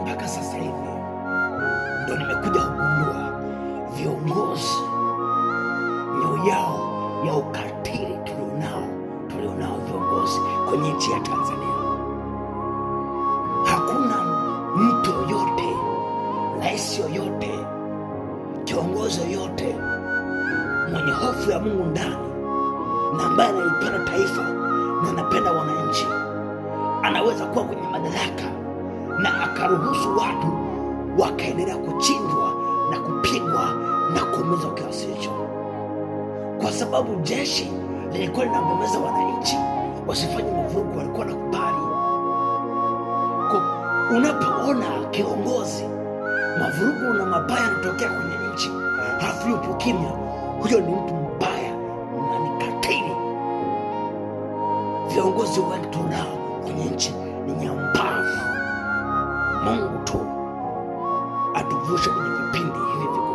Mpaka sasa hivi ndo nimekuja kugundua viongozi mioyo yao ya ukatili tulionao tulionao viongozi kwenye nchi ya Tanzania. Hakuna mtu yoyote, rais yoyote, kiongozi yoyote mwenye hofu ya Mungu ndani na ambaye analipenda taifa na anapenda wananchi anaweza kuwa kwenye madaraka na akaruhusu watu wakaendelea kuchinjwa na kupigwa na kuumizwa kiasi hicho, kwa sababu jeshi lilikuwa linavomeza wananchi wasifanye mavurugu, walikuwa na kubali. Unapoona kiongozi mavurugu na mabaya yanatokea kwenye nchi halafu yupo kimya, huyo ni mtu mbaya na ni katili. Viongozi wengi tunao 俺都不少，你给评理。